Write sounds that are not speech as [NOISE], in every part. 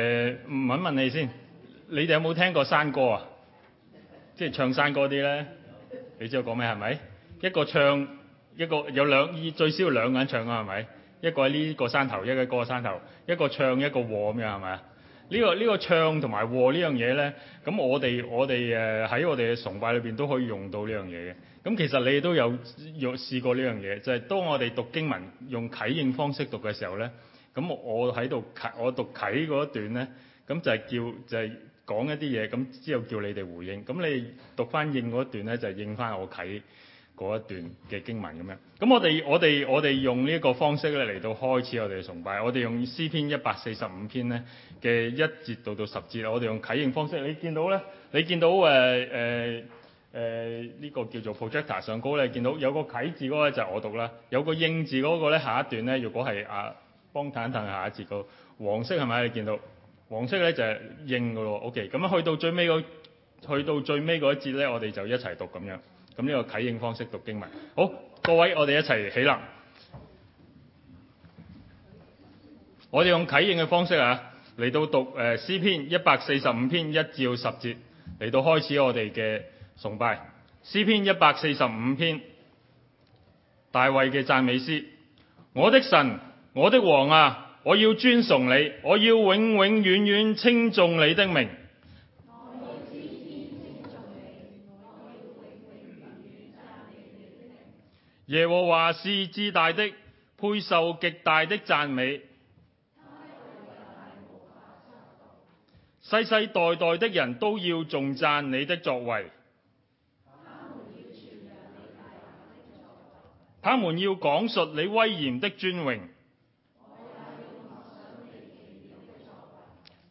誒、呃，問一問你先，你哋有冇聽過山歌啊？即係唱山歌啲咧，你知道講咩係咪？一個唱，一個有兩，最少兩個人唱啊？係咪？一個喺呢個山頭，一個喺嗰山頭，一個唱一個和咁樣係咪啊？呢個呢個唱同埋和呢樣嘢咧，咁我哋我哋誒喺我哋嘅崇拜裏邊都可以用到呢樣嘢嘅。咁其實你都有用試過呢樣嘢，就係當我哋讀經文用啟應方式讀嘅時候咧。咁我喺度啟，我讀啟嗰一段咧，咁就係叫就係講一啲嘢，咁之後叫你哋回應。咁你讀翻應嗰一段咧，就係應翻我啟嗰一段嘅經文咁樣。咁我哋我哋我哋用呢一個方式咧，嚟到開始我哋嘅崇拜。我哋用詩篇一百四十五篇咧嘅一節到到十節，我哋用啟應方式。你見到咧？你見到誒誒誒呢個叫做 projector 上高咧？你見到有個啟字嗰個咧就係我讀啦，有個應字嗰個咧下一段咧，如果係啊～幫彈彈下一節個黃色係咪？你見到黃色咧就係應嘅咯。OK，咁樣去到最尾嗰去到最尾一節咧，我哋就一齊讀咁樣。咁呢個啟應方式讀經文。好，各位，我哋一齊起立。我哋用啟應嘅方式啊，嚟到讀誒詩篇一百四十五篇一至十節，嚟到開始我哋嘅崇拜。詩篇一百四十五篇，大衛嘅讚美詩，我的神。我的王啊，我要尊崇你，我要永永遠遠稱頌你的名。遠遠遠的名，耶和華是至大的，配受極大的讚美。世世代代的人都要頌讚你的作為，他們要講述你威嚴的尊榮。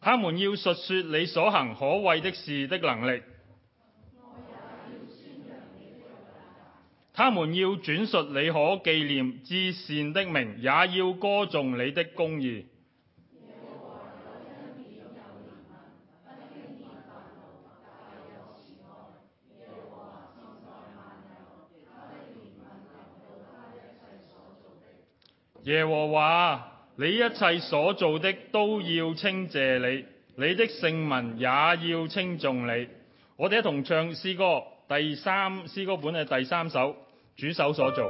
他們要述說你所行可畏的事的能力，他們要轉述你可紀念至善的名，也要歌頌你的公義。耶和華耶和華。你一切所做的都要稱謝你，你的聖民也要稱頌你。我哋一同唱詩歌，第三詩歌本嘅第三首，主手所做。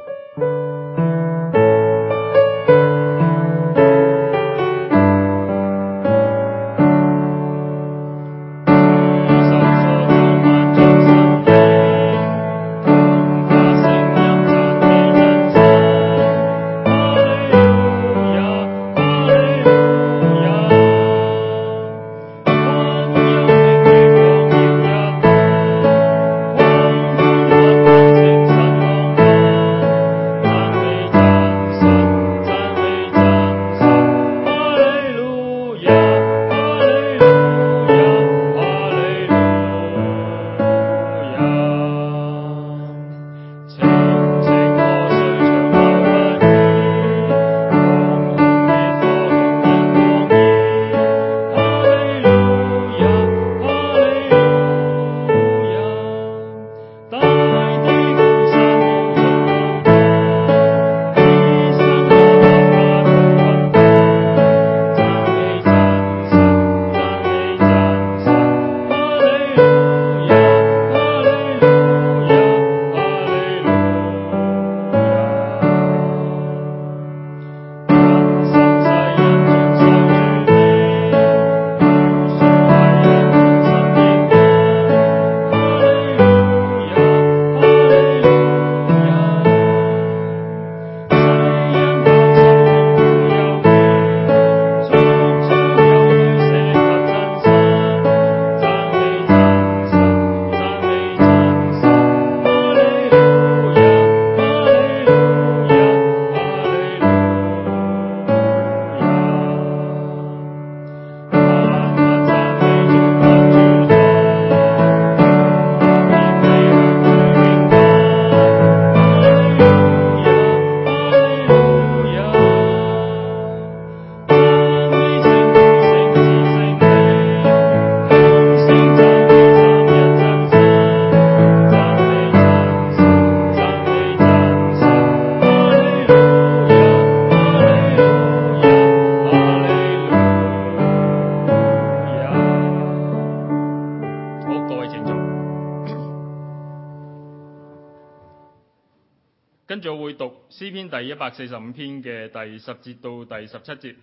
百四十五篇嘅第十節到第十七節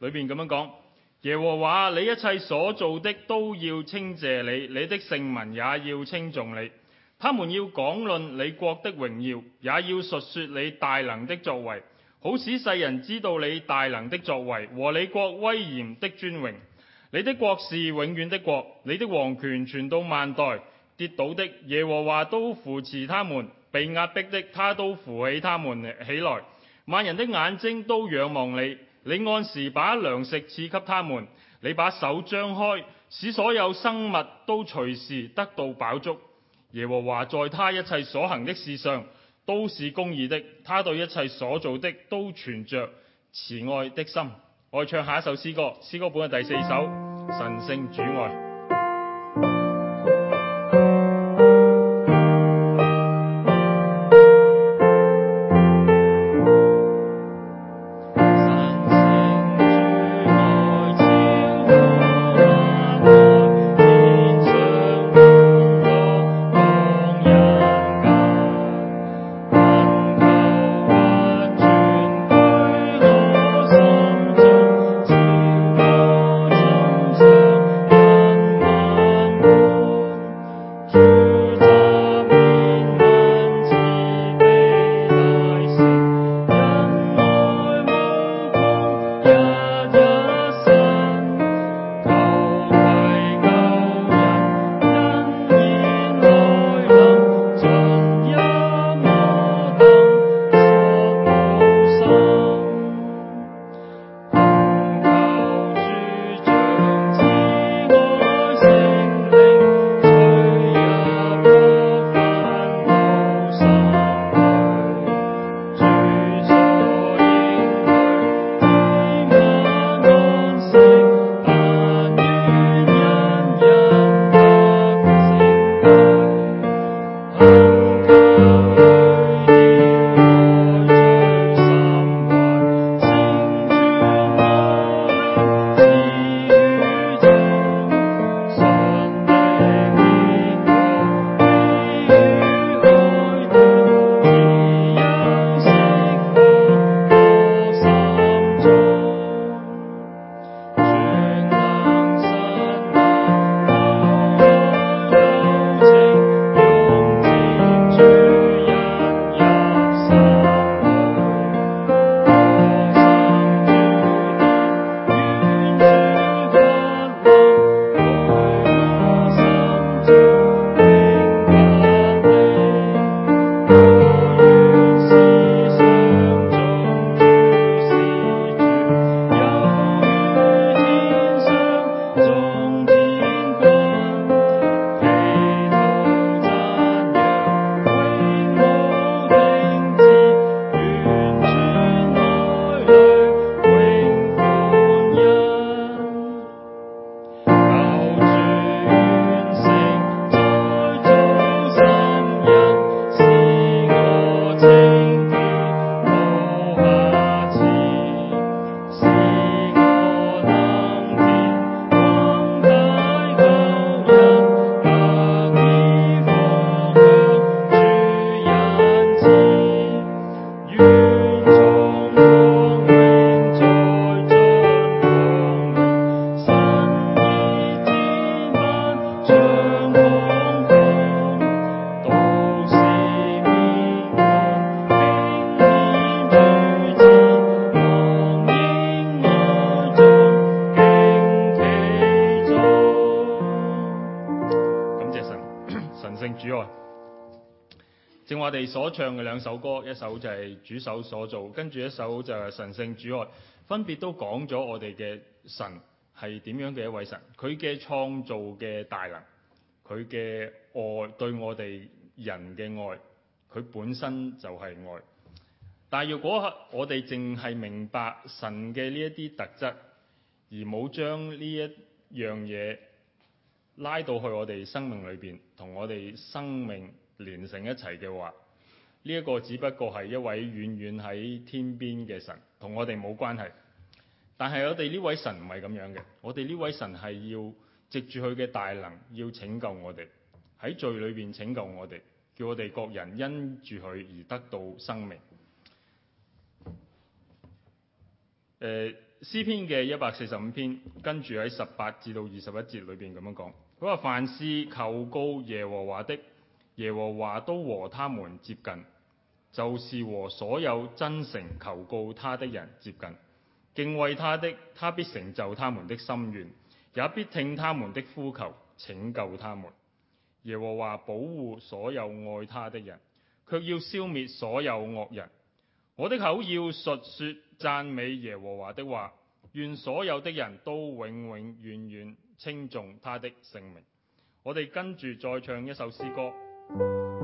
裏邊咁樣講：耶和華，你一切所做的都要稱謝你，你的聖民也要稱頌你。他們要講論你國的榮耀，也要述說你大能的作為，好使世人知道你大能的作為和你國威嚴的尊榮。你的國是永遠的國，你的王權傳到萬代。跌倒的耶和華都扶持他們。被壓迫的，他都扶起他們起來；萬人的眼睛都仰望你，你按時把糧食賜給他們，你把手張開，使所有生物都隨時得到飽足。耶和華在他一切所行的事上都是公義的，他對一切所做的都存着慈愛的心。我唱下一首詩歌，詩歌本嘅第四首《神聖主愛》。唱嘅兩首歌，一首就係主手所做，跟住一首就係神聖主愛，分別都講咗我哋嘅神係點樣嘅一位神。佢嘅創造嘅大能，佢嘅愛對我哋人嘅愛，佢本身就係愛。但係如果我哋淨係明白神嘅呢一啲特質，而冇將呢一樣嘢拉到去我哋生命裏邊，同我哋生命連成一齊嘅話，呢一個只不過係一位遠遠喺天邊嘅神，同我哋冇關係。但係我哋呢位神唔係咁樣嘅，我哋呢位神係要藉住佢嘅大能，要拯救我哋喺罪裏邊拯救我哋，叫我哋各人因住佢而得到生命。誒，詩篇嘅一百四十五篇，跟住喺十八至到二十一節裏邊咁樣講，佢話凡事求告耶和華的，耶和華都和他們接近。就是和所有真誠求告他的人接近，敬畏他的，他必成就他們的心願，也必聽他們的呼求，拯救他們。耶和華保護所有愛他的人，卻要消滅所有惡人。我的口要述說讚美耶和華的話，願所有的人都永永遠遠稱頌他的聖名。我哋跟住再唱一首詩歌。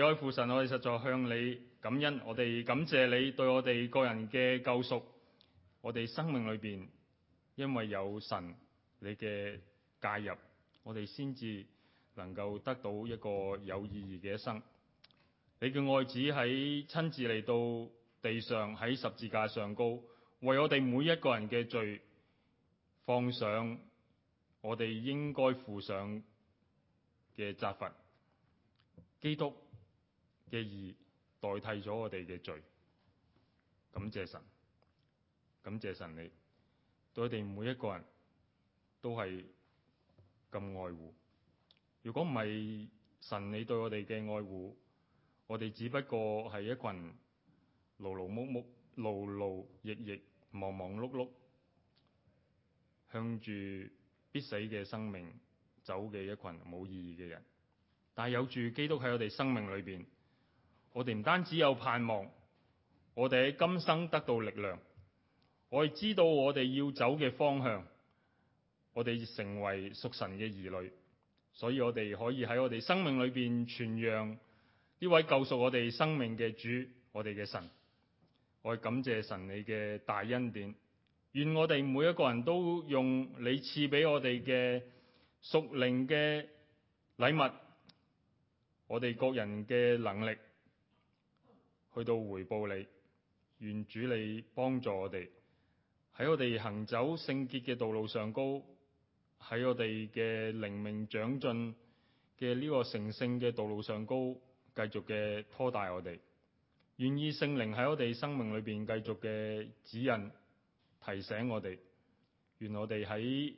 主愛父神，我哋實在向你感恩，我哋感謝你對我哋個人嘅救贖，我哋生命裏面，因為有神你嘅介入，我哋先至能夠得到一個有意義嘅一生。你嘅愛子喺親自嚟到地上，喺十字架上高，為我哋每一個人嘅罪放上我哋應該負上嘅責罰，基督嘅義代替咗我哋嘅罪，感謝神，感謝神你，你對我哋每一個人都係咁愛護。如果唔係神你對我哋嘅愛護，我哋只不過係一群勞勞碌碌、勞勞役役、忙忙碌碌，向住必死嘅生命走嘅一群冇意義嘅人。但係有住基督喺我哋生命裏邊。我哋唔單止有盼望，我哋喺今生得到力量，我哋知道我哋要走嘅方向，我哋成為屬神嘅兒女，所以我哋可以喺我哋生命裏邊傳揚呢位救贖我哋生命嘅主，我哋嘅神。我哋感謝神你嘅大恩典，願我哋每一個人都用你賜俾我哋嘅屬靈嘅禮物，我哋各人嘅能力。去到回報你，願主你幫助我哋喺我哋行走聖潔嘅道路上高，喺我哋嘅靈命長進嘅呢個成聖嘅道路上高，繼續嘅拖大我哋，願意聖靈喺我哋生命裏邊繼續嘅指引提醒我哋，願我哋喺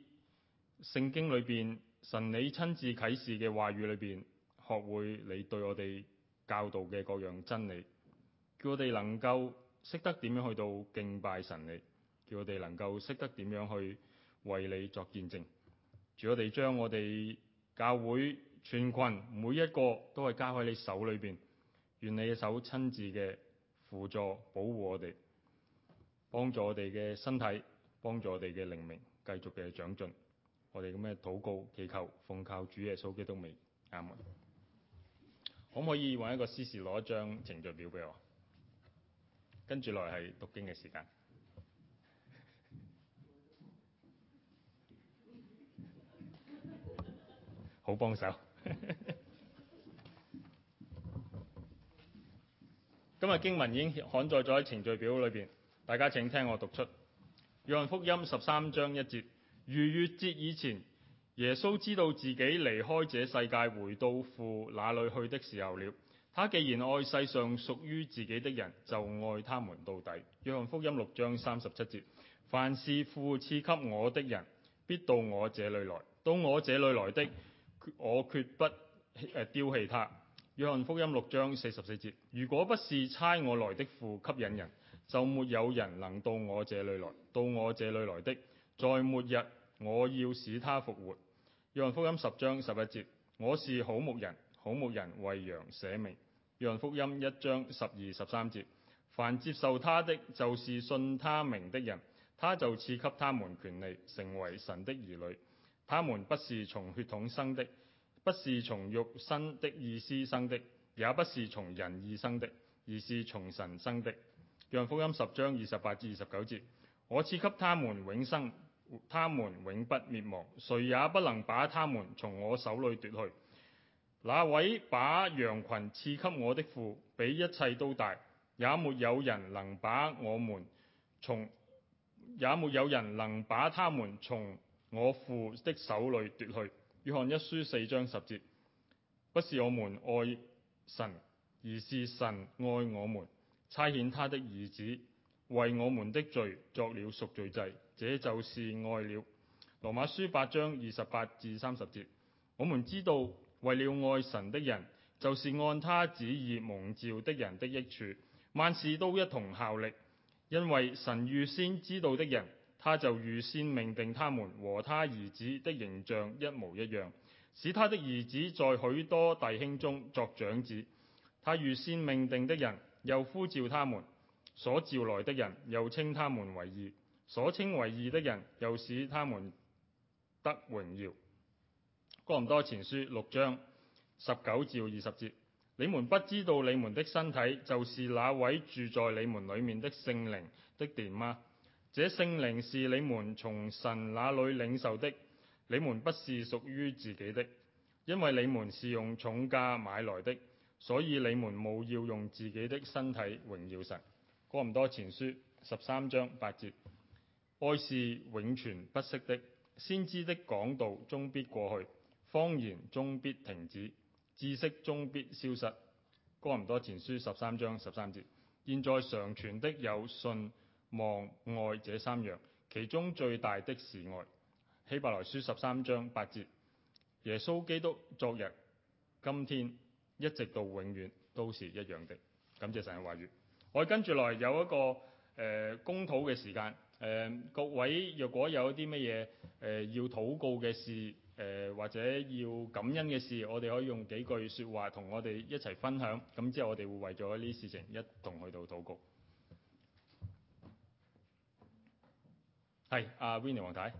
聖經裏邊神你親自啟示嘅話語裏邊學會你對我哋教導嘅各樣真理。叫我哋能夠識得點樣去到敬拜神你，叫我哋能夠識得點樣去為你作見證，叫我哋將我哋教會全群每一個都係交喺你手裏邊，願你嘅手親自嘅輔助保護我哋，幫助我哋嘅身體，幫助我哋嘅靈命繼續嘅長進，我哋咁嘅禱告祈求奉靠主耶穌基督未啱嘛？可唔可以搵一個司事攞一張程序表俾我？跟住來係讀經嘅時間，好幫手。 [LAUGHS] 今日經文已經刊載咗喺程序表裏邊，大家請聽我讀出《約翰福音》十三章一節：逾越節以前，耶穌知道自己離開這世界，回到父那裡去的時候了。他既然愛世上屬於自己的人，就愛他們到底。約翰福音六章三十七節：凡是父賜給我的人，必到我這裡來；到我這裡來的，我決不誒丟棄他。約翰福音六章四十四節：如果不是差我來的父吸引人，就沒有人能到我這裡來；到我這裡來的，在末日我要使他復活。約翰福音十章十一節：我是好牧人。好牧人為羊捨命。約翰福音一章十二十三節，凡接受他的就是信他名的人，他就賜給他們權利，成為神的兒女。他們不是從血統生的，不是從肉身的意思生的，也不是從人意生的，而是從神生的。約翰福音十章二十八至二十九節，我賜給他們永生，他們永不滅亡，誰也不能把他們從我手裡奪去。那位把羊群賜給我的父，比一切都大，也沒有人能把我們從，也沒有人能把他們從我父的手裡奪去。約翰一書四章十節，不是我們愛神，而是神愛我們，差遣他的兒子為我們的罪作了贖罪祭，這就是愛了。羅馬書八章二十八至三十節，我們知道。為了愛神的人，就是按他旨意蒙召的人的益處，萬事都一同效力，因為神預先知道的人，他就預先命定他們和他兒子的形象一模一樣，使他的兒子在許多弟兄中作長子。他預先命定的人，又呼召他們；所召來的人，又稱他們為義；所稱為義的人，又使他們得榮耀。哥林多前書六章十九至二十節，你們不知道你們的身體就是那位住在你們裏面的聖靈的殿嗎？這聖靈是你們從神那裏領受的，你們不是屬於自己的，因為你們是用重價買來的，所以你們務要用自己的身體榮耀神。哥林多前書十三章八節，愛是永存不息的，先知的講道終必過去。方言終必停止，知識終必消失。哥林多前書十三章十三節，現在常存的有信望愛這三樣，其中最大的是愛。希伯來書十三章八節，耶穌基督昨日、今天、一直到永遠都是一樣的。感謝神嘅話語。我跟住來有一個誒、呃、公禱嘅時間，呃，各位若果有啲乜嘢要禱告嘅事。誒或者要感恩嘅事，我哋可以用幾句說話同我哋一齊分享，咁之後我哋會為咗呢啲事情一同去到禱告。係阿 Winnie 王太。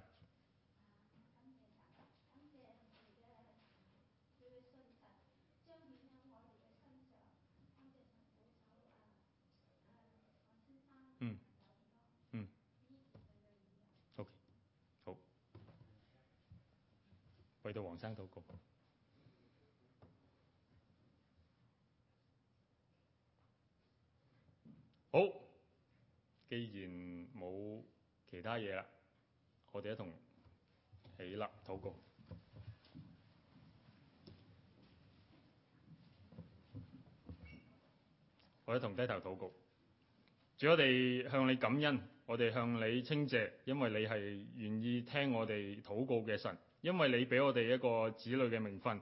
我哋同黃生禱告。好，既然冇其他嘢啦，我哋一同起立禱告。我一同低頭禱告。主，我哋向你感恩，我哋向你稱謝，因為你係願意聽我哋禱告嘅神。因為你俾我哋一個子女嘅名分，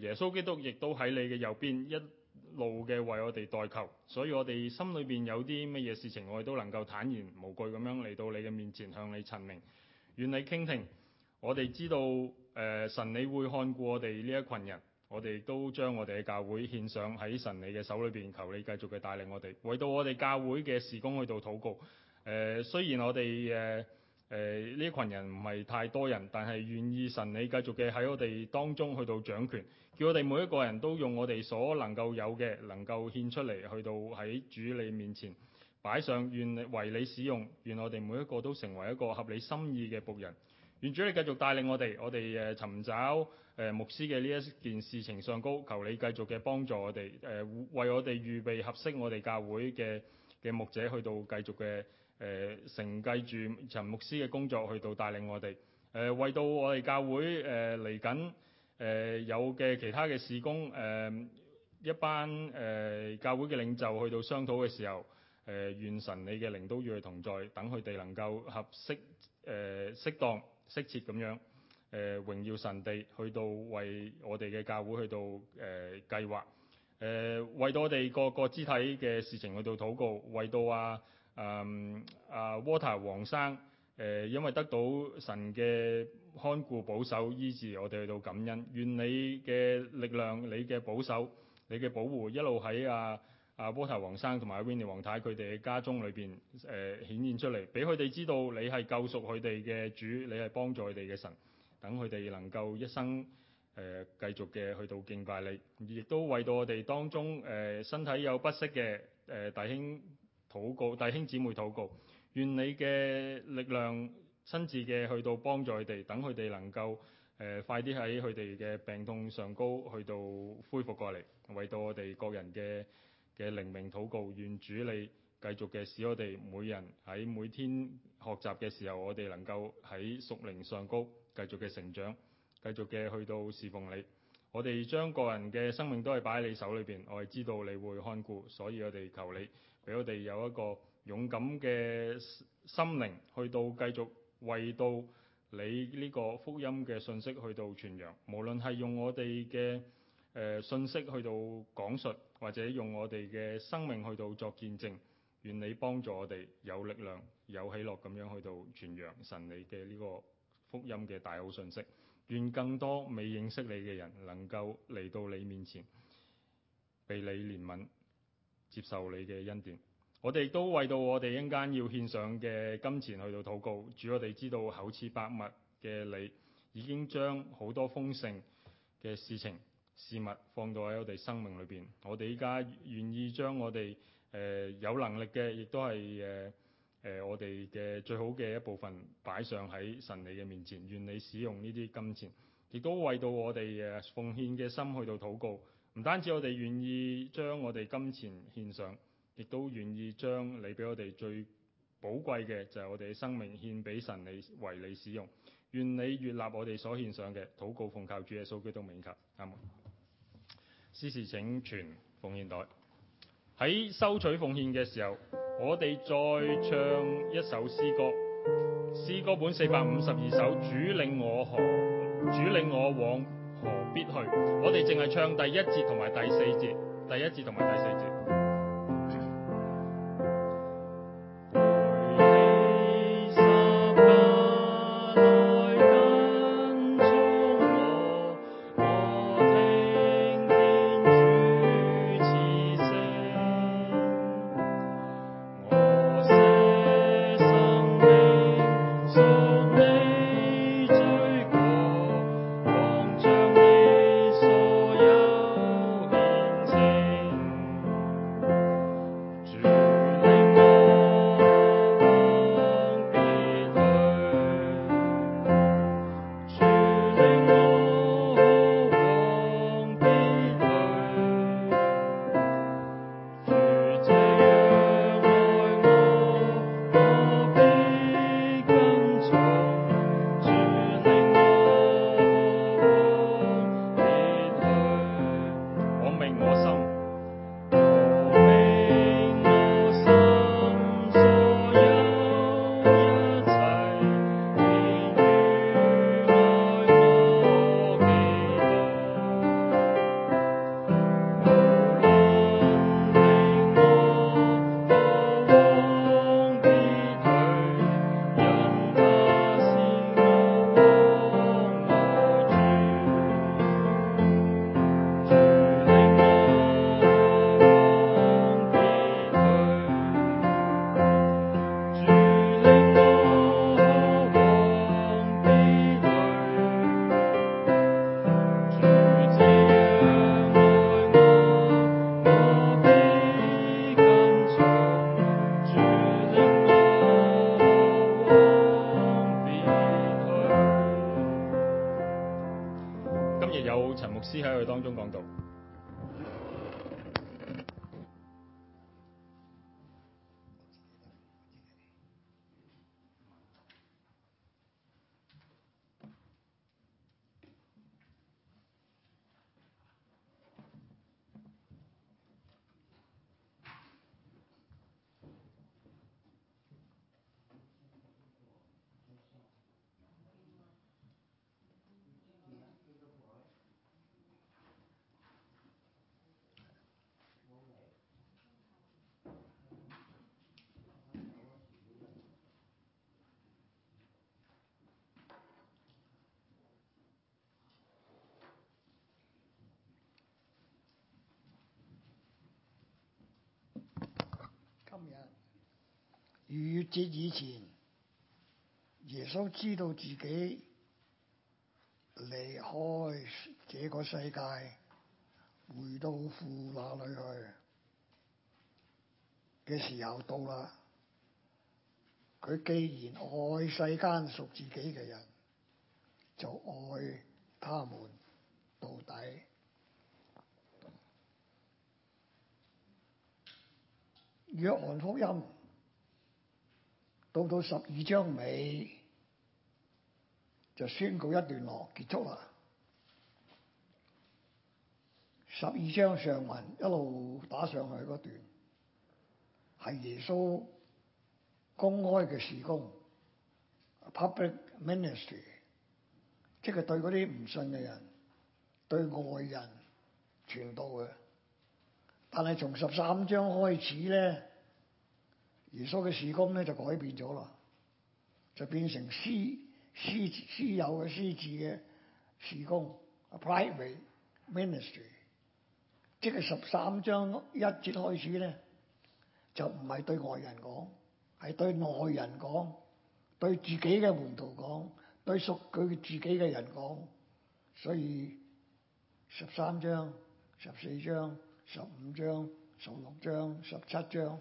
耶穌基督亦都喺你嘅右邊一路嘅為我哋代求，所以我哋心裏邊有啲乜嘢事情，我哋都能夠坦然無懼咁樣嚟到你嘅面前向你陳明，願你傾聽。我哋知道，誒、呃，神你會看顧我哋呢一群人，我哋都將我哋嘅教會獻上喺神你嘅手裏邊，求你繼續嘅帶領我哋，為到我哋教會嘅事工去到禱告。誒、呃，雖然我哋誒。呃誒呢、呃、群人唔係太多人，但係願意神你繼續嘅喺我哋當中去到掌權，叫我哋每一個人都用我哋所能夠有嘅，能夠獻出嚟去到喺主你面前擺上，願為你使用，願我哋每一個都成為一個合你心意嘅僕人。願主你繼續帶領我哋，我哋誒尋找誒牧師嘅呢一件事情上高，求你繼續嘅幫助我哋，誒為我哋預備合適我哋教會嘅嘅牧者去到繼續嘅。誒承繼住陳牧師嘅工作去到帶領我哋，誒、呃、為到我哋教會誒嚟緊誒有嘅其他嘅事工，誒、呃、一班誒、呃、教會嘅領袖去到商討嘅時候，誒、呃、願神你嘅靈都與佢同在，等佢哋能夠合適誒適當適切咁樣誒榮耀神地，去到為我哋嘅教會去到誒計劃，誒、呃呃、為到我哋個個肢體嘅事情去到禱告，為到啊～誒啊、um, uh,，Water 王生，誒、uh,，因為得到神嘅看顧保守、醫治，我哋去到感恩。願你嘅力量、你嘅保守、你嘅保護一路喺啊阿、uh, uh, Water 王生同埋 Winnie 王太佢哋嘅家中裏邊誒、uh, 顯現出嚟，俾佢哋知道你係救贖佢哋嘅主，你係幫助佢哋嘅神，等佢哋能夠一生誒、uh, 繼續嘅去到敬拜你，亦都為到我哋當中誒、uh, 身體有不適嘅誒弟兄。禱告，弟兄姊妹禱告，願你嘅力量親自嘅去到幫助佢哋，等佢哋能夠誒、呃、快啲喺佢哋嘅病痛上高，去到恢復過嚟，為到我哋個人嘅嘅靈命禱告。願主你繼續嘅使我哋每人喺每天學習嘅時候，我哋能夠喺屬靈上高，繼續嘅成長，繼續嘅去到侍奉你。我哋將個人嘅生命都係擺喺你手裏邊，我係知道你會看顧，所以我哋求你。俾我哋有一個勇敢嘅心靈，去到繼續為到你呢個福音嘅信息去到傳揚，無論係用我哋嘅誒信息去到講述，或者用我哋嘅生命去到作見證。願你幫助我哋有力量、有喜樂咁樣去到傳揚神你嘅呢個福音嘅大好信息。願更多未認識你嘅人能夠嚟到你面前，被你憐憫。接受你嘅恩典，我哋亦都為到我哋一陣間要獻上嘅金錢去到禱告，主，我哋知道厚賜百物嘅你已經將好多豐盛嘅事情事物放到喺我哋生命裏邊，我哋依家願意將我哋誒、呃、有能力嘅，亦都係誒誒我哋嘅最好嘅一部分擺上喺神你嘅面前，願你使用呢啲金錢，亦都為到我哋誒奉獻嘅心去到禱告。唔單止我哋願意將我哋金錢獻上，亦都願意將你俾我哋最寶貴嘅就係我哋嘅生命獻俾神，你為你使用。願你悅納我哋所獻上嘅，禱告奉靠主嘅數據都蒙及。咁，司事請傳奉獻袋。喺收取奉獻嘅時候，我哋再唱一首詩歌。詩歌本四百五十二首，主領我何，主領我往。何必去？我哋淨係唱第一節同埋第四節，第一節同埋第四節。逾越節以前，耶穌知道自己離開這個世界，回到父那裏去嘅時候到啦。佢既然愛世間屬自己嘅人，就愛他們到底。約翰福音到到十二章尾就宣告一段落結束啦。十二章上文一路打上去嗰段係耶穌公開嘅事功 p u b l i c ministry），即係對嗰啲唔信嘅人，對外人傳道嘅。但係從十三章開始咧，耶穌嘅事工咧就改變咗咯，就變成私私私有嘅私自嘅事工，a private ministry。即係十三章一節開始咧，就唔係對外人講，係對外人講，對自己嘅門徒講，對屬佢自己嘅人講。所以十三章、十四章。十五章、十六章、十七章，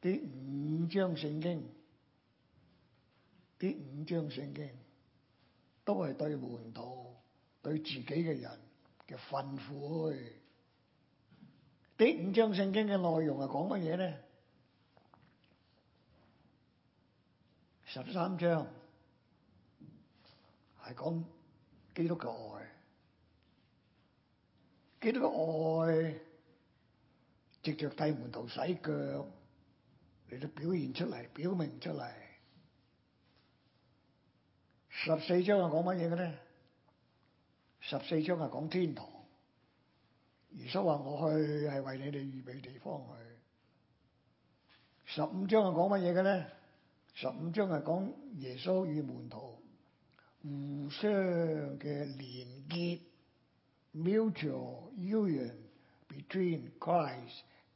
第五章聖經，啲五章聖經都係對門徒、對自己嘅人嘅訓誨。第五章聖經嘅內容係講乜嘢呢？十三章係講基督嘅愛，基督嘅愛。着替門徒洗腳，你都表現出嚟，表明出嚟。十四章係講乜嘢嘅咧？十四章係講天堂。耶穌話：我去係為你哋預備地方去。十五章係講乜嘢嘅咧？十五章係講耶穌與門徒互相嘅連結，mutual union between Christ。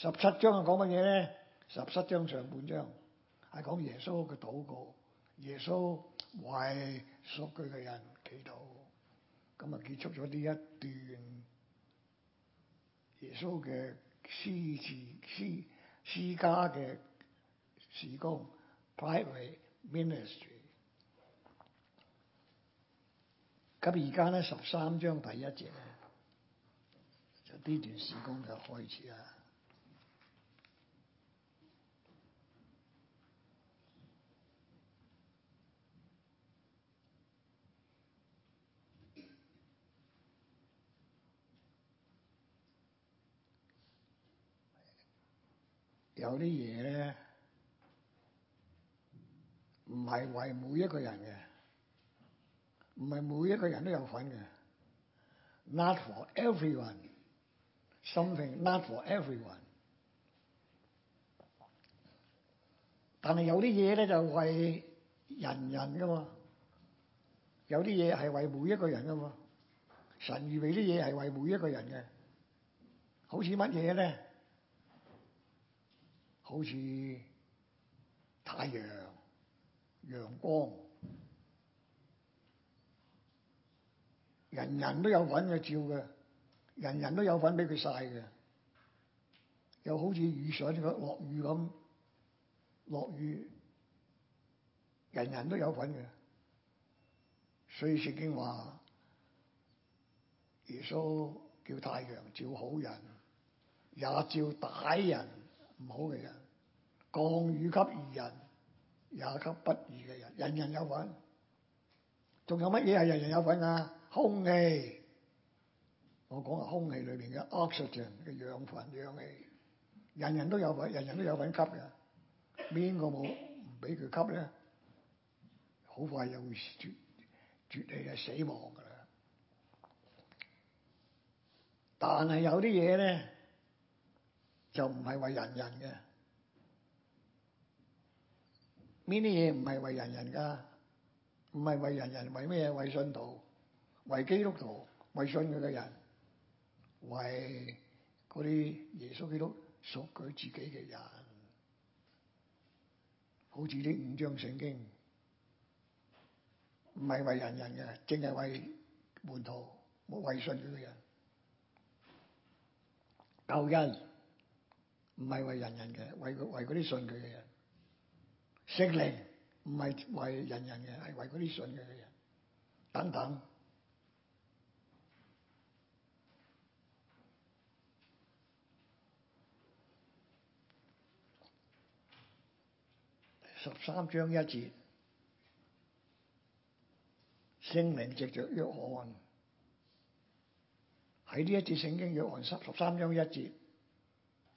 十七章係講乜嘢咧？十七章上半章係講耶穌嘅禱告，耶穌為屬佢嘅人祈禱。咁啊，結束咗呢一段耶穌嘅私字私私家嘅事工 （private ministry）。咁而家咧，十三章第一節咧就呢段事工就開始啦。有啲嘢咧唔係為每一個人嘅，唔係每一個人都有份嘅。Not for everyone, something not for everyone。但係有啲嘢咧就為人人㗎嘛；有啲嘢係為每一個人㗎嘛。神預備啲嘢係為每一個人嘅，好似乜嘢咧？好似太陽、陽光，人人都有份嘅照嘅，人人都有份俾佢曬嘅，又好似雨水落雨咁，落雨人人都有份嘅。所以聖經話，耶穌叫太陽照好人，也照歹人。唔好嘅人，降雨給義人，也給不義嘅人，人人有份。仲有乜嘢係人人有份啊？空氣，我講啊，空氣裏面嘅 oxygen 嘅氧份、氧氣，人人都有份，人人都有份，人人都有份吸嘅。邊個冇唔俾佢吸呢？好快就會絕絕氣嘅死亡㗎啦。但係有啲嘢呢，就唔係為人人嘅，呢啲嘢唔係為人人噶，唔係為人人，為咩嘢？為信徒，為基督徒，為信佢嘅人，為嗰啲耶穌基督屬佢自己嘅人。好似啲五章聖經，唔係為人人嘅，淨係為門徒，冇為信佢嘅人，求人。唔係為人人嘅，為為嗰啲信佢嘅人。聖靈唔係為人人嘅，係為嗰啲信佢嘅人。等等。十三章一節，聖靈藉着約翰喺呢一節聖經約，約翰十三章一節。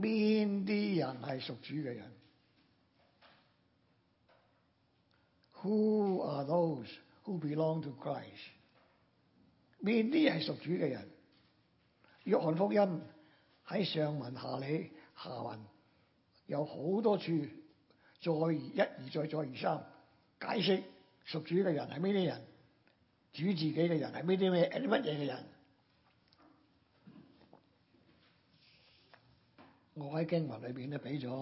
邊啲人係屬主嘅人？Who are those who belong to Christ？邊啲係屬主嘅人？約翰福音喺上文、下理、下文有好多處，再一而再、再而三解釋屬主嘅人係咩啲人，主自己嘅人係咩啲咩乜嘢嘅人？我喺經文裏邊咧，俾咗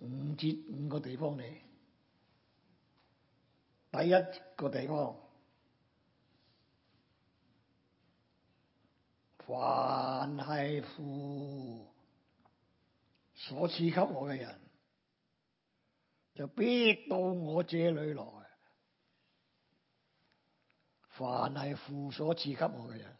五節五個地方你。第一個地方，凡係父所賜給我嘅人，就必到我這裏來。凡係父所賜給我嘅人。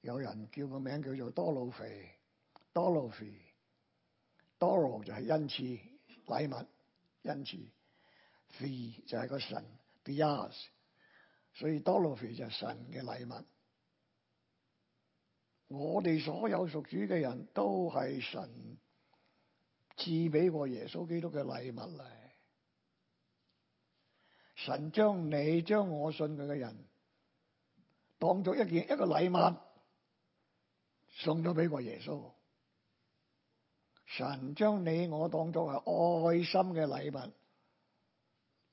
有人叫個名叫做多路費，多路費，多路就係恩賜禮物，恩賜，費就係個神 bless，所以多路費就係神嘅禮物。我哋所有屬主嘅人都係神賜俾過耶穌基督嘅禮物嚟。神將你將我信佢嘅人當做一件一個禮物。送咗俾過耶穌，神將你我當作係愛心嘅禮物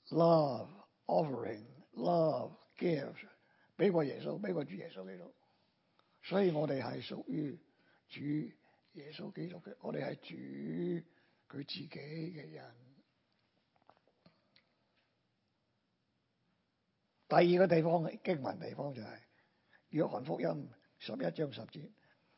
，love offering，love gifts，俾過耶穌，俾過主耶穌基督。所以我哋係屬於主耶穌基督嘅，我哋係主佢自己嘅人。第二個地方，經文地方就係、是《約翰福音》十一章十節。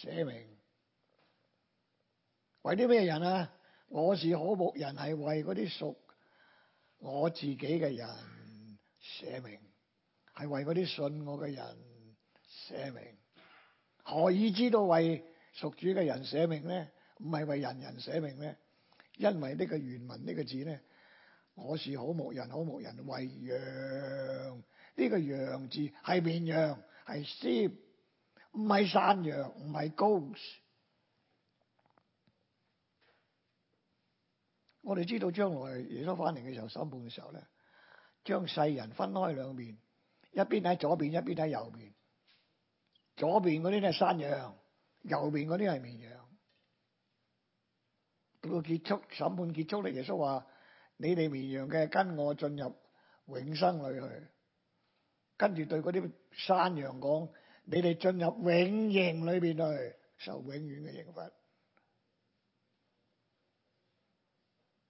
捨命為啲咩人啊？我是好牧人，係為嗰啲屬我自己嘅人捨命，係為嗰啲信我嘅人捨命。何以知道為屬主嘅人捨命呢？唔係為人人捨命呢？因為呢個原文呢個字呢，「我是好牧人，好牧人為羊，呢、這個羊字係綿羊，係 s 唔係山羊，唔係 goats。我哋知道將來耶穌翻嚟嘅時候審判嘅時候咧，將世人分開兩邊，一邊喺左邊，一邊喺右邊。左邊嗰啲咧係山羊，右邊嗰啲係綿羊。到結束審判結束咧，耶穌話：你哋綿羊嘅跟我進入永生裏去。跟住對嗰啲山羊講。你哋進入永刑裏邊去受永遠嘅刑罰。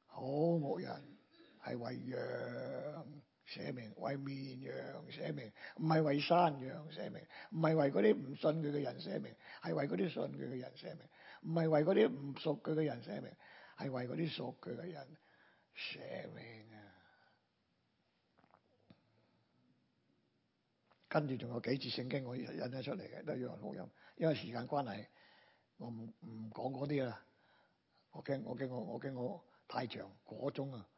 好牧人係為羊捨命，為綿羊捨命，唔係為山羊捨命，唔係為嗰啲唔信佢嘅人捨命，係為嗰啲信佢嘅人捨命；唔係為嗰啲唔熟佢嘅人捨命，係為嗰啲熟佢嘅人捨命。跟住仲有幾節聖經我引得出嚟嘅都係用錄音，因為時間關係，我唔唔講嗰啲啦。我驚我驚我我驚我，我，我太長嗰鐘啊，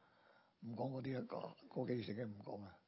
唔講嗰啲啦，嗰嗰幾節聖經唔講啊。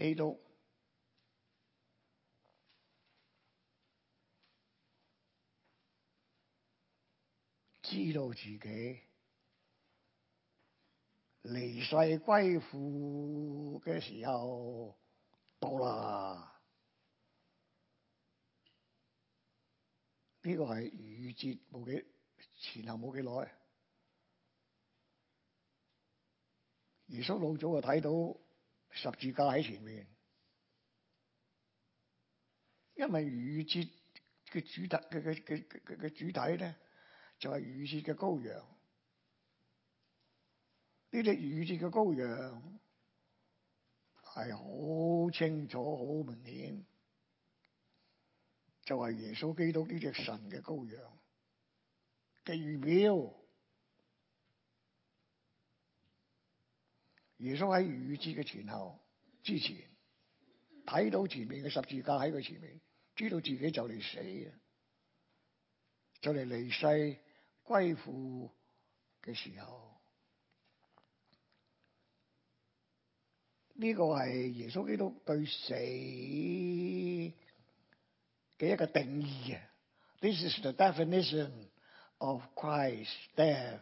知道，知道自己離世歸父嘅時候到啦。呢個係逾節冇幾前後冇幾耐，耶穌老早就睇到。十字架喺前面，因為逾越節嘅主特嘅嘅嘅嘅主體咧，就係逾越節嘅羔羊。呢隻逾越節嘅羔羊係好清楚、好明顯，就係、是、耶穌基督呢隻神嘅羔羊嘅預表。耶穌喺逾越節嘅前後之前，睇到前面嘅十字架喺佢前面，知道自己就嚟死，就嚟離世歸父嘅時候，呢個係耶穌基督對死嘅一個定義嘅。This is the definition of Christ's death.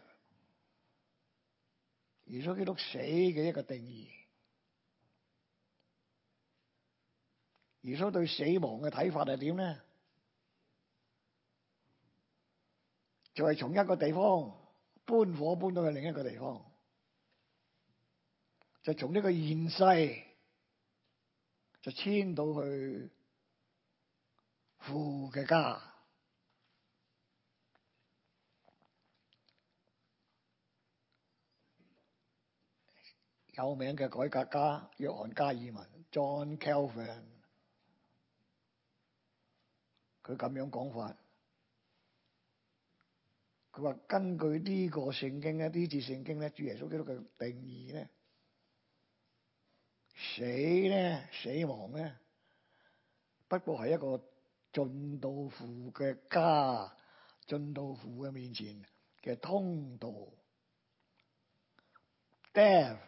耶穌基督死嘅一個定義，耶穌對死亡嘅睇法係點咧？就係、是、從一個地方搬火搬到去另一個地方，就從呢個現世就遷到去父嘅家。有名嘅改革家約翰加爾文 （John Calvin） 佢咁樣講法，佢話根據呢個聖經咧，呢次聖經呢，主耶穌基督嘅定義咧，死咧死亡咧，不過係一個進到父嘅家，進到父嘅面前嘅通道。Death。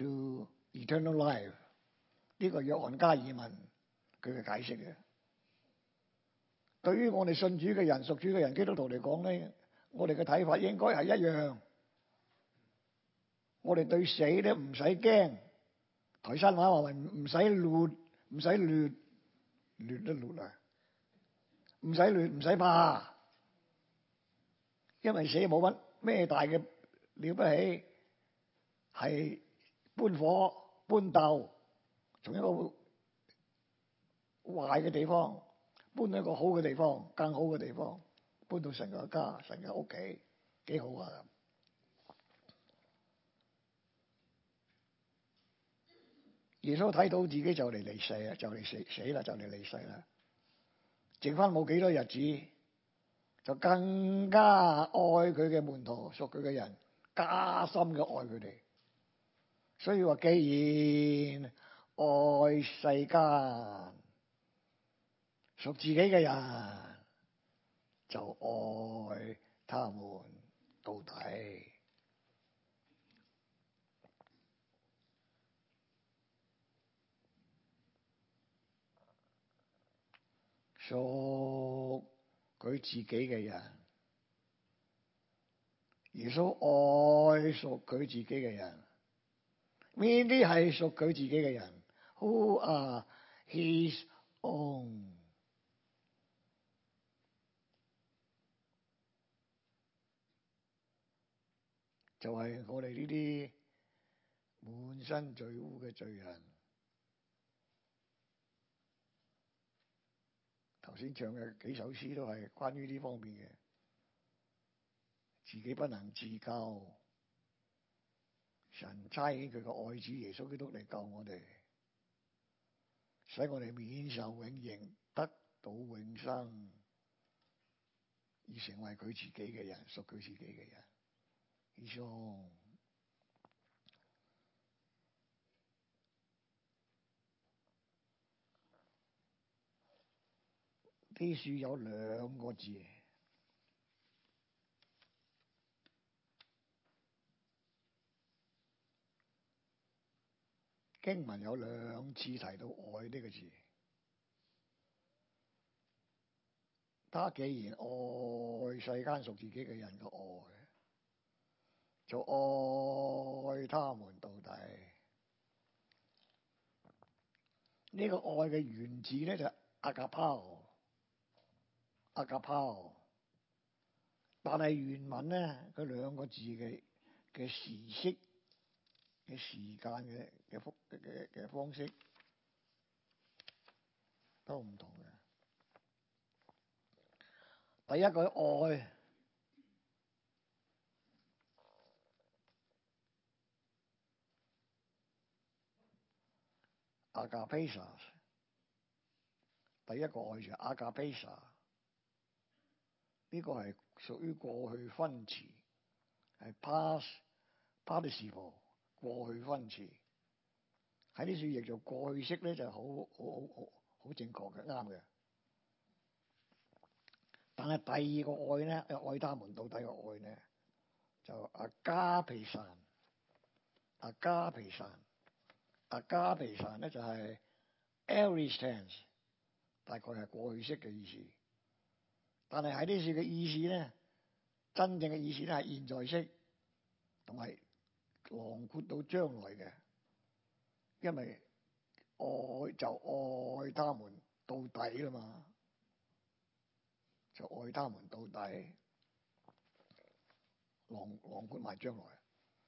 to eternal life 呢個約翰加爾文佢嘅解釋嘅，對於我哋信主嘅人、屬主嘅人、基督徒嚟講咧，我哋嘅睇法應該係一樣。我哋對死咧唔使驚，台山話話，唔唔使亂，唔使亂，亂得亂呀，唔使亂唔使怕，因為死冇乜咩大嘅了不起，係。搬火搬斗，從一個壞嘅地方搬到一個好嘅地方，更好嘅地方，搬到神嘅家、神嘅屋企，幾好啊！耶穌睇到自己就嚟離世啊，就嚟死死啦，就嚟離世啦，剩返冇幾多日子，就更加愛佢嘅門徒、屬佢嘅人，加深嘅愛佢哋。所以話，既然愛世間屬自己嘅人，就愛他們到底。屬佢自己嘅人。耶穌愛屬佢自己嘅人。呢啲係屬佢自己嘅人，Who are his own？就係我哋呢啲滿身罪污嘅罪人。頭先唱嘅幾首詩都係關於呢方面嘅，自己不能自救。神差遣佢嘅愛子耶穌基督嚟救我哋，使我哋免受永刑，得到永生，而成為佢自己嘅人，屬佢自己嘅人。兄穌，呢書有兩個字。經文有兩次提到愛呢個字，他既然愛世間屬自己嘅人嘅愛，就愛他們到底。呢、這個愛嘅原字咧就 agapao，agapao，但係原文呢，佢兩個字嘅嘅時式。嘅時間嘅嘅複嘅嘅方式都唔同嘅、啊。第一個愛，agapea，第一個愛就 agapea，呢個係屬於過去分詞，係 past，past 式噃。過去分詞，喺呢處亦做過去式咧，就好好好好正確嘅，啱嘅。但係第二個愛咧，愛他們到底個愛咧，就阿加皮薩，阿加皮薩，阿加皮薩咧就係 every tense，大概係過去式嘅意思。但係喺呢處嘅意思咧，真正嘅意思咧係現在式同係。囊括到將來嘅，因為愛就愛他們到底啦嘛，就愛他們到底，囊囊括埋將來。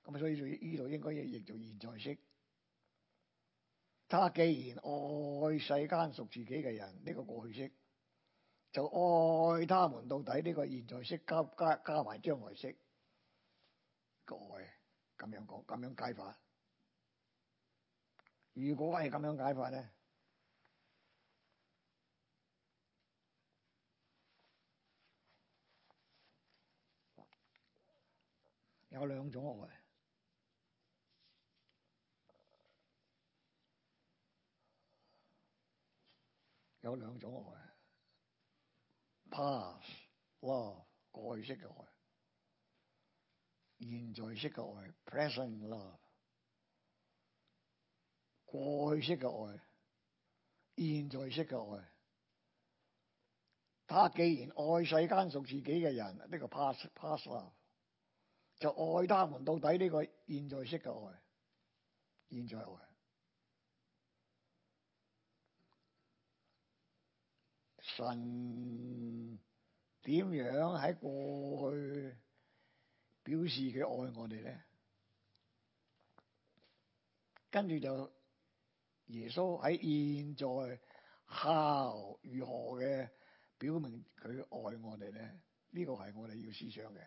咁所以做呢度應該亦做現在式。他既然愛世間屬自己嘅人，呢個過去式就愛他們到底，呢個現在式加加加埋將來式，各位。咁樣講咁樣解法。如果係咁樣解法咧， [NOISE] 有兩種愛嘅， [NOISE] 有兩種愛嘅，pass，哇，改式嘅愛！現在式嘅愛，present love，過去式嘅愛，現在式嘅愛，他既然愛世間屬自己嘅人，呢個 past past love，就愛他們到底，呢個現在式嘅愛，現在愛，神點樣喺過去？表示佢愛我哋咧，跟住就耶穌喺現在 how 如何嘅表明佢愛我哋咧？呢個係我哋要思想嘅。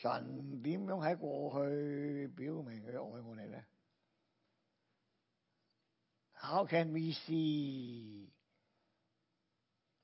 神點樣喺過去表明佢愛我哋咧？How can we see?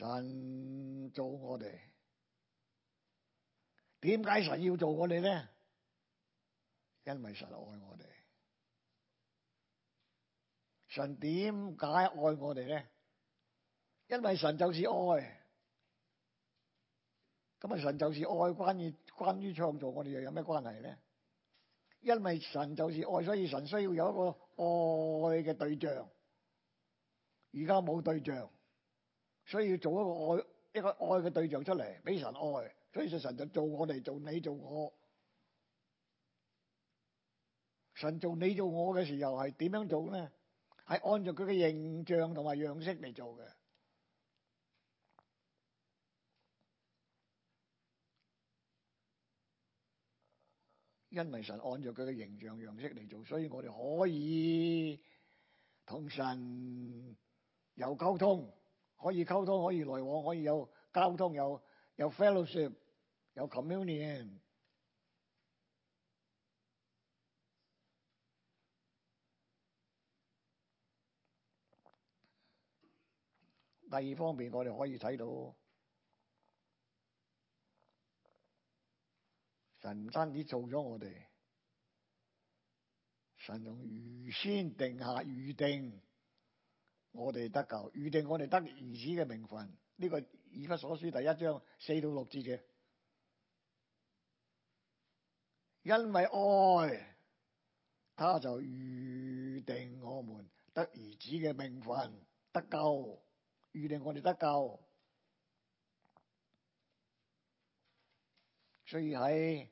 神做我哋，點解神要做我哋咧？因為神愛我哋。神點解愛我哋咧？因為神就是愛。咁啊，神就是愛，關於關於創造，我哋又有咩關係咧？因為神就是愛，所以神需要有一個愛嘅對象。而家冇對象。所以要做一個愛一個愛嘅對象出嚟，俾神愛。所以就神就做我嚟做你做我。神做你做我嘅時候係點樣做咧？係按照佢嘅形象同埋樣式嚟做嘅。因為神按着佢嘅形象樣式嚟做，所以我哋可以同神有溝通。可以溝通，可以來往，可以有交通，有有 fellowship，有 communion。第二方面，我哋可以睇到神唔單止做咗我哋，神用預先定下預定。我哋得救，預定我哋得兒子嘅名分，呢、這個以弗所書第一章四到六節，因為愛，他就預定我們得兒子嘅名分，得救，預定我哋得救。所以喺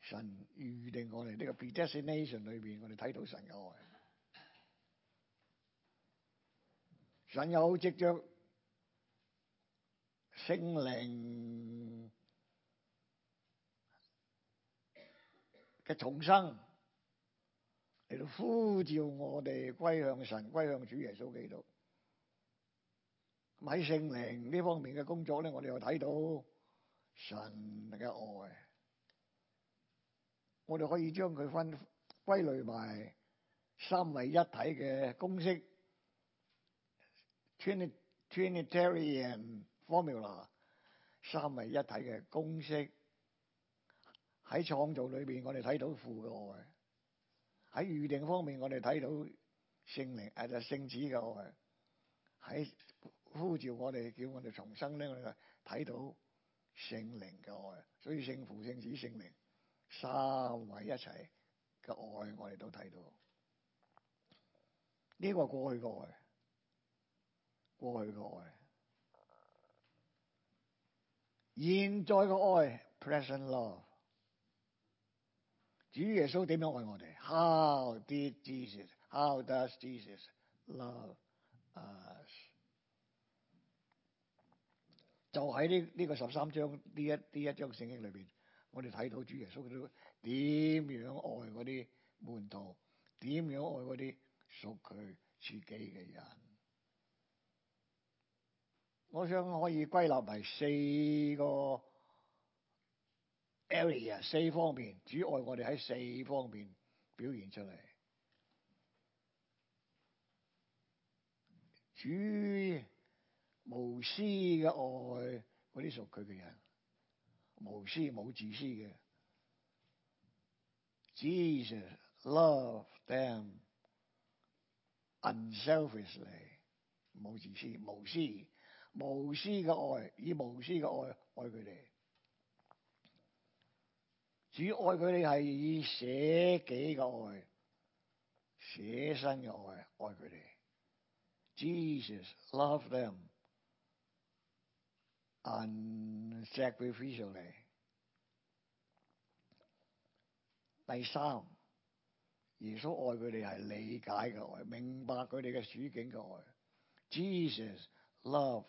神預定我哋呢、這個 predestination 裏邊，我哋睇到神嘅愛。神有藉着聖靈嘅重生嚟到呼召我哋歸向神、歸向主耶穌基督。咁喺聖靈呢方面嘅工作咧，我哋又睇到神嘅愛。我哋可以將佢分歸類埋三位一體嘅公式。Trinitarian formula 三位一體嘅公式喺創造裏邊，我哋睇到父嘅愛；喺預定方面，我哋睇到聖靈，誒、啊、就聖子嘅愛；喺呼召我哋，叫我哋重生呢，我哋睇到聖靈嘅愛。所以聖父、聖子、聖靈三位一齊嘅愛，我哋都睇到。呢、這個過去嘅愛。過去嘅愛，現在嘅愛 （present love）。主耶穌點樣愛我哋？How did Jesus？How does Jesus love us？就喺呢呢個十三章呢一呢一章聖經裏邊，我哋睇到主耶穌點樣愛啲門徒，點樣愛啲屬佢自己嘅人。我想可以歸納埋四個 area，四方面，主愛我哋喺四方面表現出嚟，主無私嘅愛嗰啲屬佢嘅人，無私冇自私嘅，Jesus loved them unselfishly，冇自私，無私。無私嘅愛，以無私嘅愛愛佢哋。主愛佢哋係以捨己嘅愛、捨生嘅愛愛佢哋。Jesus love them，sacrificially。第三，耶穌愛佢哋係理解嘅愛，明白佢哋嘅處境嘅愛。Jesus love。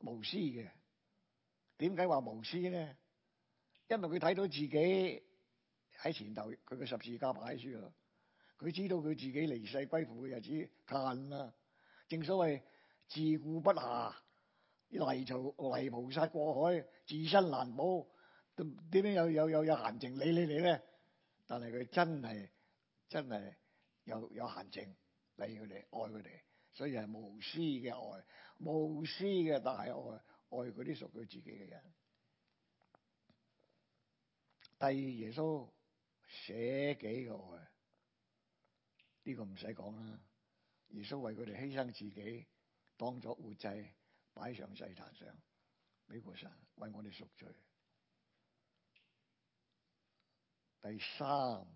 無私嘅，點解話無私呢？因為佢睇到自己喺前頭，佢個十字架擺喺書度。佢知道佢自己離世歸父嘅日子近啦。正所謂自顧不暇，泥造泥菩薩過海，自身難保，都點樣有有有有閒情理你哋咧？但係佢真係真係有有閒情理佢哋愛佢哋，所以係無私嘅愛。無私嘅大愛，愛嗰啲屬佢自己嘅人。第二，耶穌捨己嘅愛，呢、這個唔使講啦。耶穌為佢哋犧牲自己，當咗活祭，擺上祭壇上，俾活神為我哋贖罪。第三，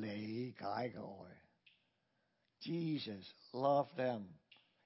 理解嘅愛，Jesus loved them。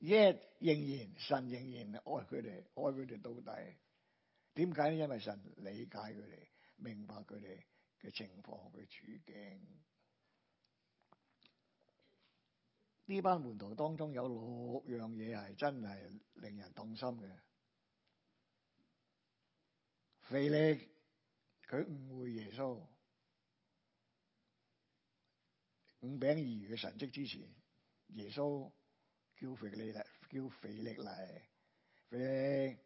耶仍然神仍然愛佢哋，愛佢哋到底點解呢？因為神理解佢哋，明白佢哋嘅情況、佢嘅處境。呢班門徒當中有六樣嘢係真係令人痛心嘅。腓力佢誤會耶穌五餅二魚嘅神蹟之前耶穌。叫肥力嚟，叫肥力嚟，肥力，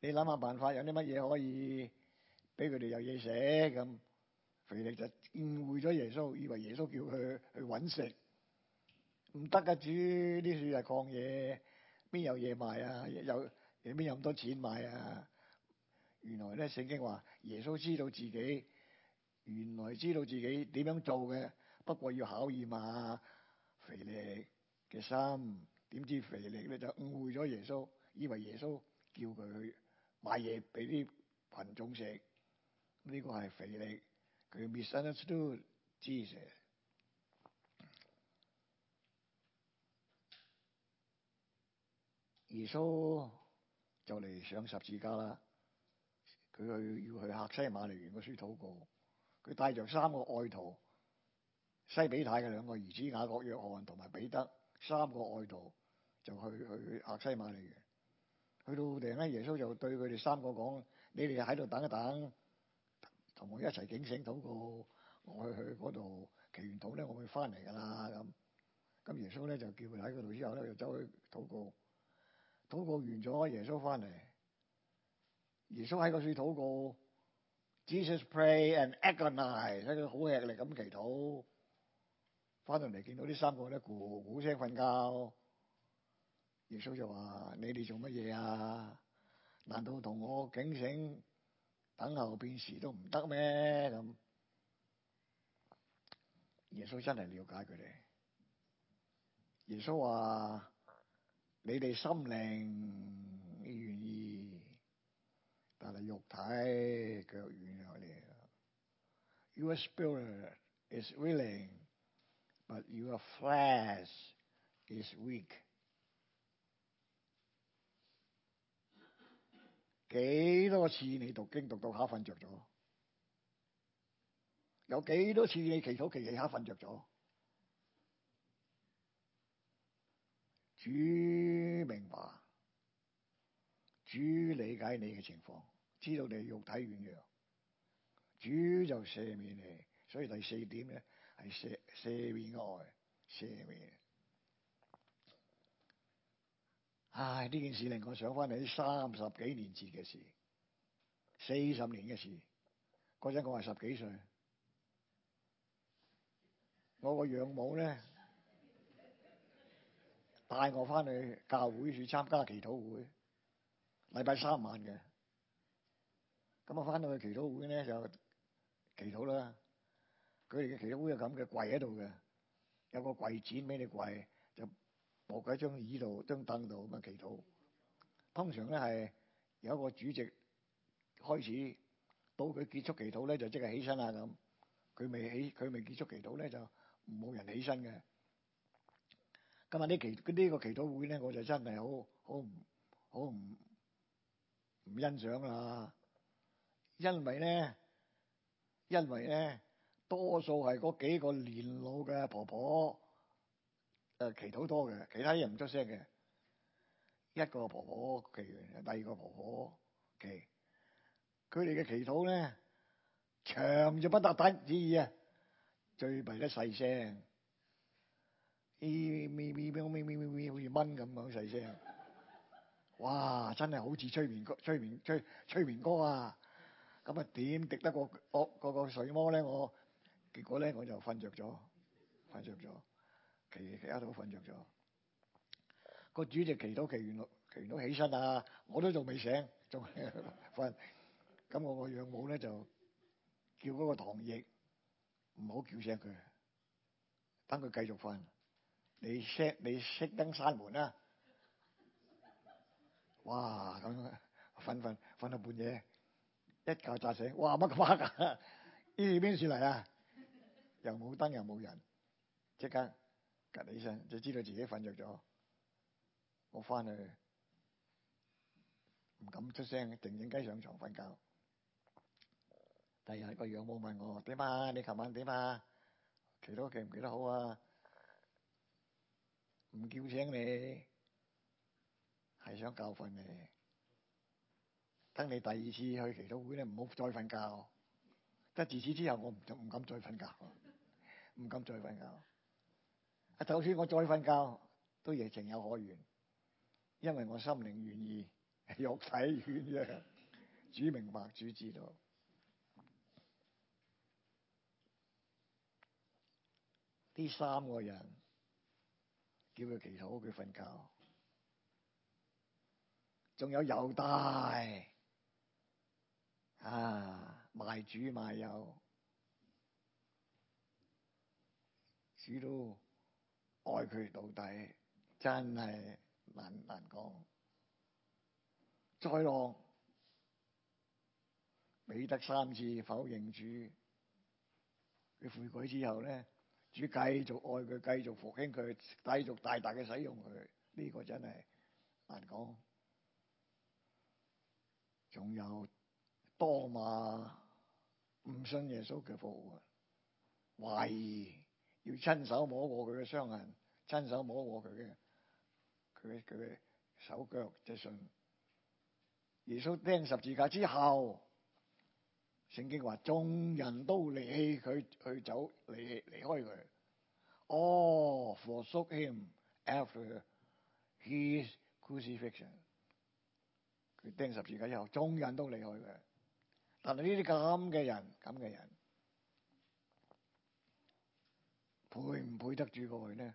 你諗下辦法，有啲乜嘢可以俾佢哋有嘢食咁？肥力就誤會咗耶穌，以為耶穌叫佢去搵食，唔得㗎，主，呢啲樹係曠野，邊有嘢賣啊？有有邊有咁多錢買啊？原來咧，聖經話耶穌知道自己，原來知道自己點樣做嘅，不過要考驗嘛，肥力嘅心。點知腓力咧，就誤會咗耶穌，以為耶穌叫佢去買嘢俾啲群眾食，呢、這個係腓力佢未 understand Jesus。耶穌就嚟上十字架啦，佢去要去客西馬尼園個樹禱告，佢帶着三個愛徒，西比太嘅兩個兒子雅各、約翰同埋彼得三個愛徒。就去去客西馬尼嘅，去到地咧，耶穌就對佢哋三個講：你哋喺度等一等，同我一齊警醒禱告。我去去嗰度祈完禱咧，我會翻嚟㗎啦。咁，咁耶穌咧就叫佢喺嗰度，之後咧就走去禱告，禱告完咗，耶穌翻嚟，耶穌喺嗰處禱告，Jesus pray and agonize，喺度好吃力咁祈禱，翻到嚟見到呢三個咧咕咕聲瞓覺。耶穌就話：你哋做乜嘢啊？難道同我警醒等候變時都唔得咩？咁耶穌真係了解佢哋。耶穌話：你哋心靈願意，但係肉體腳軟咗咧。Your spirit is willing, but your flesh is weak. 幾多次你讀經讀到下瞓着咗？有幾多次你祈禱祈禱吓瞓着咗？主明白，主理解你嘅情況，知道你肉體軟弱，主就赦免你。所以第四點咧係赦、赦免愛，赦免。赦免唉！呢件事令我想翻起三十幾年前嘅事，四十年嘅事。嗰陣我係十幾歲，我個養母咧帶我翻去教會處參加祈禱會，禮拜三晚嘅。咁我翻到去祈禱會咧就祈禱啦。佢哋嘅祈禱會係咁嘅跪喺度嘅，有個跪墊俾你跪。坐喺張椅度、張凳度咁樣祈禱。通常咧係有一個主席開始，到佢結束祈禱咧就即係起身啦咁。佢未起，佢未結束祈禱咧就冇人起身嘅。今日呢、這個、祈呢、這個祈禱會咧，我就真係好好唔好唔唔欣賞啦，因為咧，因為咧多數係嗰幾個年老嘅婆婆。誒，祈禱多嘅，其他人唔出聲嘅。一個婆婆祈，第二個婆婆、okay. 祈，佢哋嘅祈禱咧長就不得，得意啊，最弊得細聲，咦咪咪咪咪咪咪咪，好似蚊咁樣細聲。哇，真係好似催眠歌、催眠、催眠催,催眠歌啊！咁啊，點敵得過我個睡魔咧？我,我,我,我,我,呢我結果咧，我就瞓着咗，瞓着咗。其其他都瞓着咗，個主席祈禱祈完落，祈禱起身啊！我都仲未醒，仲瞓。咁我個養母咧就叫嗰個唐奕唔好叫醒佢，等佢繼續瞓。你熄你熄燈閂門啦，啊！哇咁瞓瞓瞓到半夜，一覺詐醒，哇乜鬼啊？呢邊處嚟啊？又冇燈又冇人，即刻。隔起身就知道自己瞓着咗。我翻去唔敢出聲，靜靜雞上床瞓覺。第二日個養母問我，點啊？你琴晚點啊？祈禱記唔記得，祈唔祈得好啊？唔叫醒你，係想教訓你。等你第二次去祈禱會你唔好再瞓覺。即係自此之後我，我唔唔敢再瞓覺，唔敢再瞓覺。阿頭先我再瞓覺都亦情有可原，因為我心靈願意，肉體願意。主明白，主知道。呢三個人叫佢祈禱，佢瞓覺，仲有猶大啊，賣主賣友，主都。愛佢到底真係難難講。再落，彼得三次否認主，佢悔改之後咧，主繼續愛佢，繼續復興佢，繼續大大嘅使用佢，呢、這個真係難講。仲有多馬唔信耶穌嘅復活，懷疑要親手摸過佢嘅傷痕。親手摸過佢嘅、佢嘅、佢嘅手腳即信，耶穌釘十字架之後，聖經話眾人都離棄佢，去走離、離開佢。哦，forsook him after his crucifixion，佢釘十字架之後，眾人都離開佢。但係呢啲咁嘅人，咁嘅人，配唔配得住過去呢？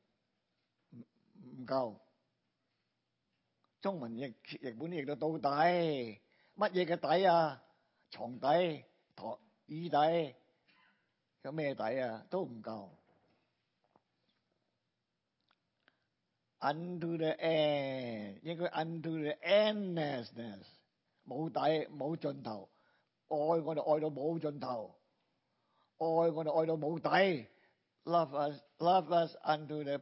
唔夠，中文譯譯本譯到到底，乜嘢嘅底啊？床底、台椅底，有咩底啊？都唔夠。Unto the end，應該 unto the endlessness，冇底冇盡頭，愛我哋愛到冇盡頭，愛我哋愛到冇底。Love us, love us unto the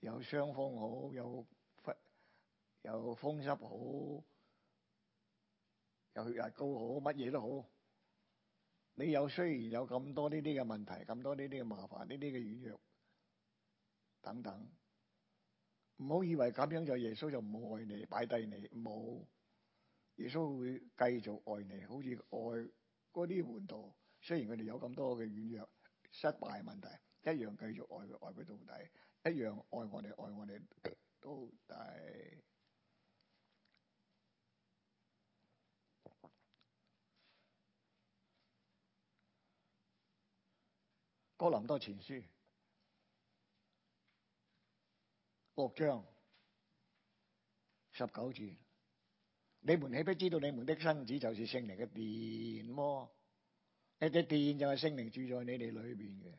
有傷風好，有忽有風濕好，有血壓高好，乜嘢都好。你有雖然有咁多呢啲嘅問題，咁多呢啲嘅麻煩，呢啲嘅軟弱等等，唔好以為咁樣就耶穌就唔愛你，擺低你冇。耶穌會繼續愛你，好似愛嗰啲門徒，雖然佢哋有咁多嘅軟弱、失敗問題，一樣繼續愛佢，愛佢到底。一樣愛我哋，愛我哋到底，但係哥林多前書六章十九節，你們豈不知道你們的身子就是聖靈嘅殿麼？你哋殿就係聖靈住在你哋裏邊嘅。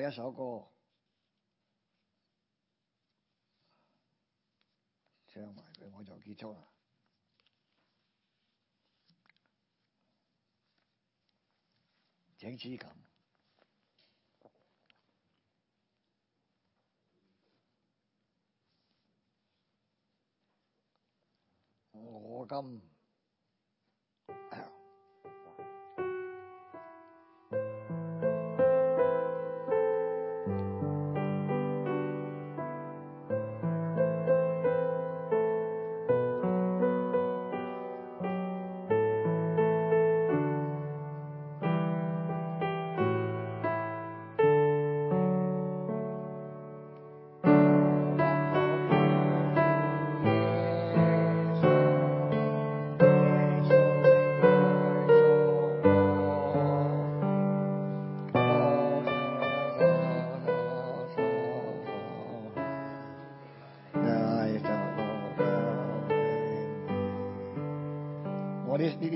有一首歌，唱完俾我就結束啦。請司琴，我今。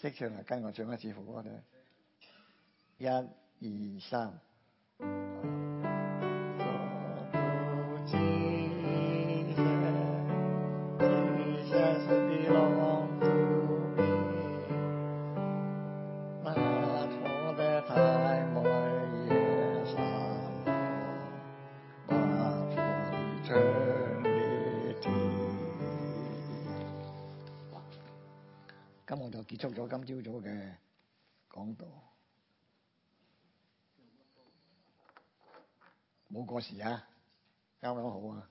識唱嚟跟我唱一次好唔好啊？我哋，一、二、三。做咗今朝早嘅講道，冇過時啊，啱啱好啊！